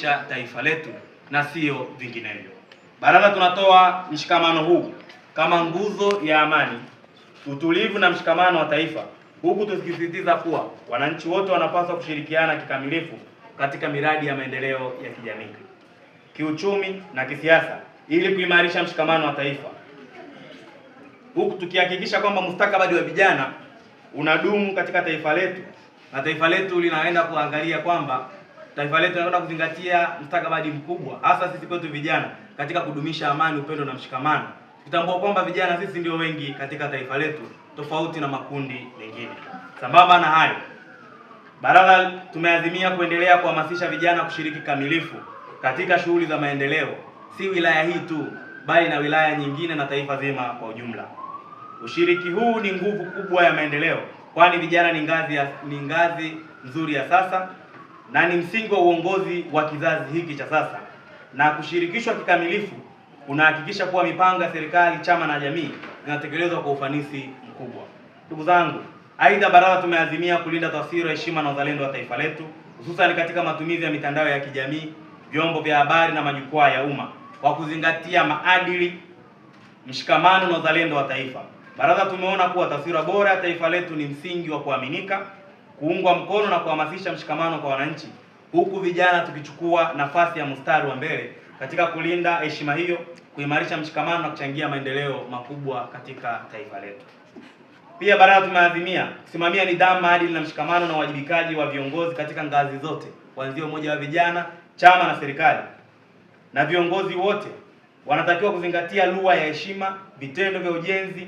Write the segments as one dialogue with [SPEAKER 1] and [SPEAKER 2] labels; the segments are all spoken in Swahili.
[SPEAKER 1] cha taifa letu na sio vinginevyo. Baraza tunatoa mshikamano huu kama nguzo ya amani, utulivu na mshikamano wa taifa, huku tukisisitiza kuwa wananchi wote wanapaswa kushirikiana kikamilifu katika miradi ya maendeleo ya kijamii, kiuchumi na kisiasa ili kuimarisha mshikamano wa taifa, huku tukihakikisha kwamba mustakabali wa vijana unadumu katika taifa letu na taifa letu linaenda kuangalia kwamba taifa letu linakwenda kuzingatia mstakabadi mkubwa, hasa sisi kwetu vijana, katika kudumisha amani, upendo na mshikamano, tukitambua kwamba vijana sisi ndio wengi katika taifa letu, tofauti na makundi mengine. Sambamba na hayo, Barala tumeazimia kuendelea kuhamasisha vijana kushiriki kamilifu katika shughuli za maendeleo, si wilaya hii tu, bali na wilaya nyingine na taifa zima kwa ujumla. Ushiriki huu ni nguvu kubwa ya maendeleo, kwani vijana ni ngazi ya, ni ngazi nzuri ya sasa na ni msingi wa uongozi wa kizazi hiki cha sasa, na kushirikishwa kikamilifu kunahakikisha kuwa mipango ya serikali, chama na jamii inatekelezwa kwa ufanisi mkubwa. Ndugu zangu, aidha, baraza tumeazimia kulinda taswira, heshima na uzalendo wa taifa letu, hususan katika matumizi ya mitandao ya kijamii, vyombo vya habari na majukwaa ya umma kwa kuzingatia maadili, mshikamano na uzalendo wa taifa. Baraza tumeona kuwa taswira bora ya taifa letu ni msingi wa kuaminika kuungwa mkono na kuhamasisha mshikamano kwa wananchi, huku vijana tukichukua nafasi ya mstari wa mbele katika kulinda heshima hiyo, kuimarisha mshikamano na kuchangia maendeleo makubwa katika taifa letu. Pia baraza tumeazimia kusimamia nidhamu, maadili na mshikamano na uwajibikaji wa viongozi katika ngazi zote, kuanzia umoja wa vijana, chama na serikali. Na viongozi wote wanatakiwa kuzingatia lugha ya heshima, vitendo vya ujenzi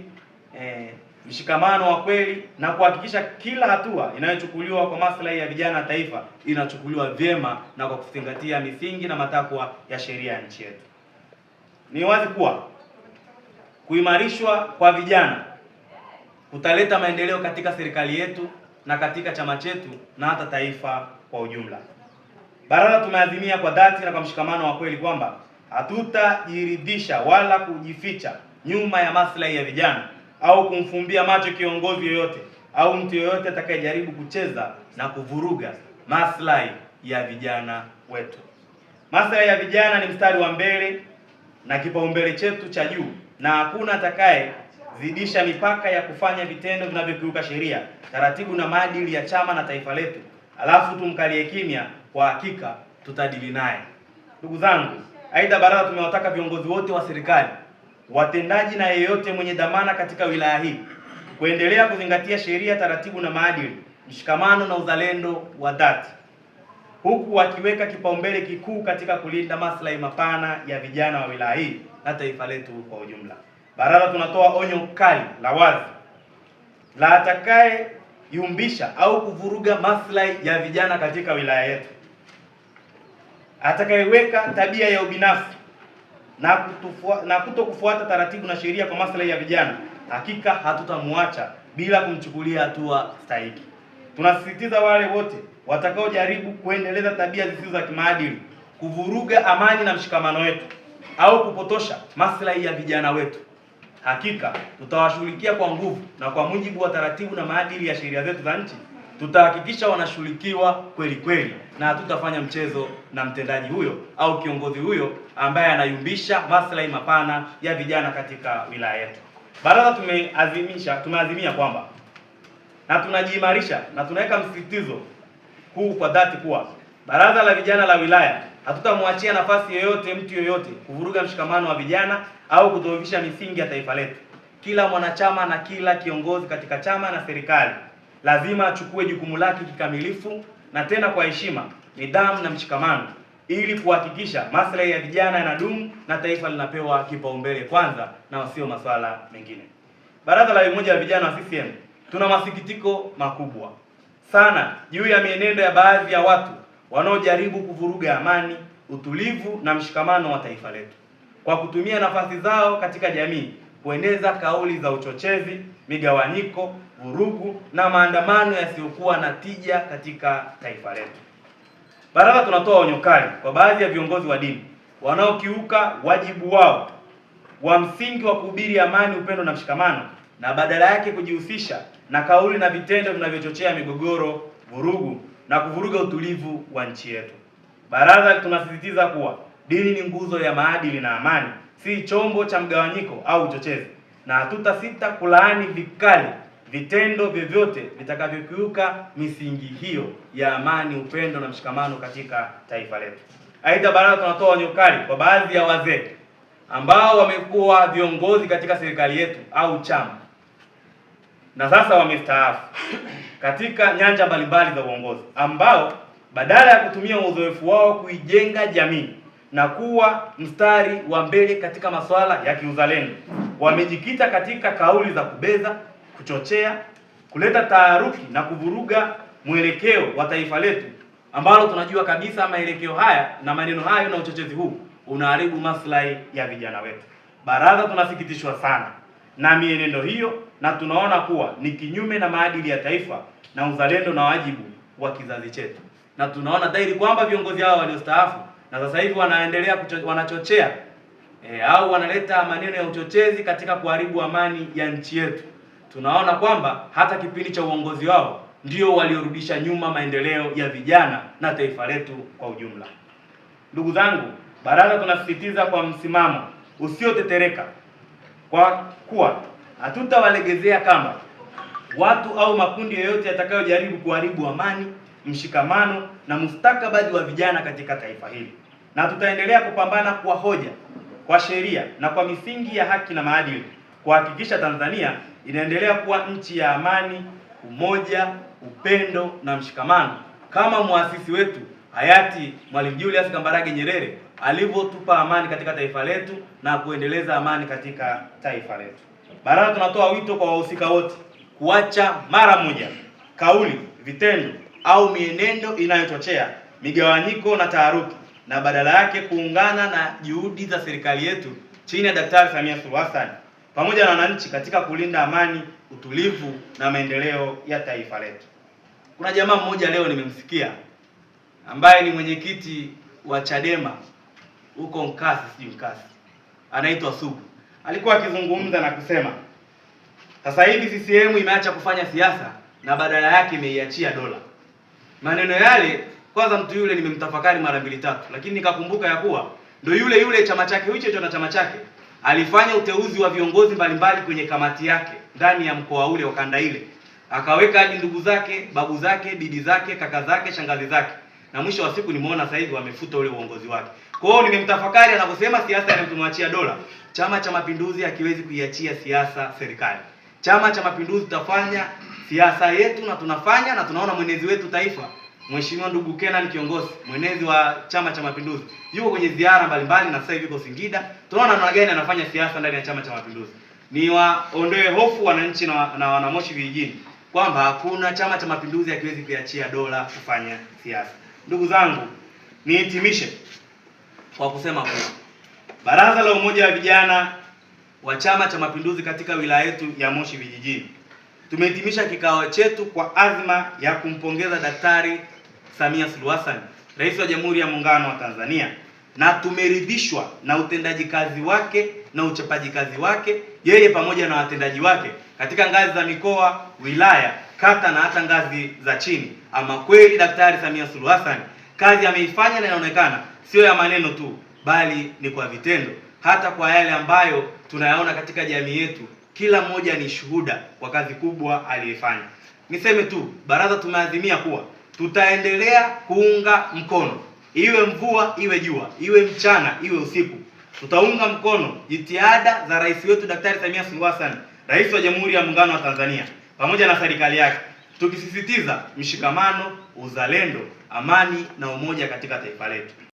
[SPEAKER 1] eh, mshikamano wa kweli na kuhakikisha kila hatua inayochukuliwa kwa maslahi ya vijana wa taifa inachukuliwa vyema na kwa kuzingatia misingi na matakwa ya sheria ya nchi yetu. Ni wazi kuwa kuimarishwa kwa vijana kutaleta maendeleo katika serikali yetu na katika chama chetu na hata taifa kwa ujumla. Baraza tumeazimia kwa dhati na kwa mshikamano wa kweli kwamba hatutajiridhisha wala kujificha nyuma ya maslahi ya vijana au kumfumbia macho kiongozi yoyote au mtu yoyote atakayejaribu kucheza na kuvuruga maslahi ya vijana wetu. Maslahi ya vijana ni mstari wa mbele na kipaumbele chetu cha juu, na hakuna atakayezidisha mipaka ya kufanya vitendo vinavyokiuka sheria, taratibu na maadili ya chama na taifa letu, alafu tumkalie kimya. Kwa hakika tutadili naye. Ndugu zangu, aidha, baraza tumewataka viongozi wote wa serikali watendaji na yeyote mwenye dhamana katika wilaya hii kuendelea kuzingatia sheria, taratibu na maadili, mshikamano na uzalendo wa dhati, huku wakiweka kipaumbele kikuu katika kulinda maslahi mapana ya vijana wa wilaya hii na taifa letu kwa ujumla. Baraza tunatoa onyo kali la wazi la atakaye yumbisha au kuvuruga maslahi ya vijana katika wilaya yetu, atakayeweka tabia ya ubinafsi na, kutofuata na kutokufuata taratibu na sheria kwa maslahi ya vijana, hakika hatutamwacha bila kumchukulia hatua stahiki. Tunasisitiza wale wote watakaojaribu kuendeleza tabia zisizo za kimaadili, kuvuruga amani na mshikamano wetu au kupotosha maslahi ya vijana wetu, hakika tutawashughulikia kwa nguvu na kwa mujibu wa taratibu na maadili ya sheria zetu za nchi tutahakikisha wanashughulikiwa kweli kweli, na hatutafanya mchezo na mtendaji huyo au kiongozi huyo ambaye anayumbisha maslahi mapana ya vijana katika wilaya yetu. Baraza tumeazimisha tumeazimia kwamba na tunajiimarisha na tunaweka msisitizo huu kwa dhati kuwa baraza la vijana la wilaya hatutamwachia nafasi yoyote mtu yoyote kuvuruga mshikamano wa vijana au kudhoofisha misingi ya taifa letu. Kila mwanachama na kila kiongozi katika chama na serikali lazima achukue jukumu lake kikamilifu na tena kwa heshima, nidhamu na mshikamano ili kuhakikisha maslahi ya vijana yanadumu na taifa linapewa kipaumbele kwanza na sio masuala mengine. Baraza la Umoja wa Vijana wa CCM, tuna masikitiko makubwa sana juu ya mienendo ya baadhi ya watu wanaojaribu kuvuruga amani, utulivu na mshikamano wa taifa letu kwa kutumia nafasi zao katika jamii kueneza kauli za uchochezi, migawanyiko, vurugu na maandamano yasiyokuwa na tija katika taifa letu. Baraza tunatoa onyo kali kwa baadhi ya viongozi wa dini wanaokiuka wajibu wao wa msingi wa kuhubiri amani, upendo na mshikamano na badala yake kujihusisha na kauli na vitendo vinavyochochea migogoro, vurugu na kuvuruga utulivu wa nchi yetu. Baraza tunasisitiza kuwa dini ni nguzo ya maadili na amani si chombo cha mgawanyiko au uchochezi, na hatutasita kulaani vikali vitendo vyovyote vitakavyokiuka misingi hiyo ya amani, upendo na mshikamano katika taifa letu. Aidha, baraza tunatoa onyo kali kwa baadhi ya wazee ambao wamekuwa viongozi katika serikali yetu au chama na sasa wamestaafu katika nyanja mbalimbali za uongozi, ambao badala ya kutumia uzoefu wao kuijenga jamii na kuwa mstari wa mbele katika masuala ya kiuzalendo. Wamejikita katika kauli za kubeza, kuchochea, kuleta taharuki na kuvuruga mwelekeo wa taifa letu ambalo tunajua kabisa maelekeo haya na maneno hayo na uchochezi huu unaharibu maslahi ya vijana wetu. Baraza tunasikitishwa sana na mienendo hiyo na tunaona kuwa ni kinyume na maadili ya taifa na uzalendo na wajibu wa kizazi chetu, na tunaona dhahiri kwamba viongozi hao waliostaafu na sasa hivi wanaendelea wanachochea e, au wanaleta maneno ya uchochezi katika kuharibu amani ya nchi yetu. Tunaona kwamba hata kipindi cha uongozi wao ndio waliorudisha nyuma maendeleo ya vijana na taifa letu kwa ujumla. Ndugu zangu, baraza tunasisitiza kwa msimamo usiotetereka kwa kuwa hatutawalegezea kama watu au makundi yoyote yatakayojaribu kuharibu amani, mshikamano na mustakabali wa vijana katika taifa hili na tutaendelea kupambana kwa hoja, kwa sheria na kwa misingi ya haki na maadili kuhakikisha Tanzania inaendelea kuwa nchi ya amani, umoja, upendo na mshikamano kama muasisi wetu hayati Mwalimu Julius Kambarage Nyerere alivyotupa amani katika taifa letu na kuendeleza amani katika taifa letu. Baraka, tunatoa wito kwa wahusika wote kuacha mara moja kauli, vitendo au mienendo inayochochea migawanyiko na taharuki na badala yake kuungana na juhudi za serikali yetu chini ya Daktari Samia Suluhu Hassan pamoja na wananchi katika kulinda amani, utulivu na maendeleo ya taifa letu. Kuna jamaa mmoja leo nimemsikia ambaye ni mwenyekiti wa Chadema huko Nkasi, sijui Nkasi, anaitwa Sugu, alikuwa akizungumza na kusema sasa hivi CCM imeacha kufanya siasa na badala yake imeiachia dola. Maneno yale kwanza mtu yule nimemtafakari mara mbili tatu, lakini nikakumbuka ya kuwa ndio yule yule chama chake hicho hicho na chama chake alifanya uteuzi wa viongozi mbalimbali kwenye kamati yake ndani ya mkoa ule wa kanda ile, akaweka hadi ndugu zake, babu zake, bibi zake, kaka zake, shangazi zake, na mwisho wa siku nimeona sasa hivi wamefuta ule uongozi wake. Kwa hiyo nimemtafakari anavyosema siasa inamtumwachia dola. Chama cha Mapinduzi hakiwezi kuiachia siasa serikali. Chama cha Mapinduzi tutafanya siasa yetu na tunafanya na tunaona mwenezi wetu taifa Mheshimiwa ndugu Kenan kiongozi mwenezi wa Chama cha Mapinduzi yuko kwenye ziara mbalimbali na sasa hivi yuko Singida. Tunaona namna gani anafanya siasa ndani ya Chama cha Mapinduzi. Ni waondoe hofu wananchi na, na wanamoshi vijijini kwamba hakuna Chama cha Mapinduzi hakiwezi kuachia dola kufanya siasa. Ndugu zangu, nihitimishe kwa kusema kwamba Baraza la Umoja wa Vijana wa Chama cha Mapinduzi katika wilaya yetu ya Moshi vijijini tumehitimisha kikao chetu kwa azma ya kumpongeza Daktari Samia Suluhu Hassan, Rais wa Jamhuri ya Muungano wa Tanzania, na tumeridhishwa na utendaji kazi wake na uchapaji kazi wake yeye pamoja na watendaji wake katika ngazi za mikoa, wilaya, kata na hata ngazi za chini. Ama kweli Daktari Samia Suluhu Hassan kazi ameifanya na inaonekana sio ya maneno tu, bali ni kwa vitendo, hata kwa yale ambayo tunayaona katika jamii yetu. Kila mmoja ni shuhuda kwa kazi kubwa aliyoifanya. Niseme tu, baraza tumeazimia kuwa tutaendelea kuunga mkono, iwe mvua iwe jua iwe mchana iwe usiku, tutaunga mkono jitihada za rais wetu Daktari Samia Suluhu Hassan, rais wa Jamhuri ya Muungano wa Tanzania pamoja na serikali yake, tukisisitiza mshikamano, uzalendo, amani na umoja katika taifa letu.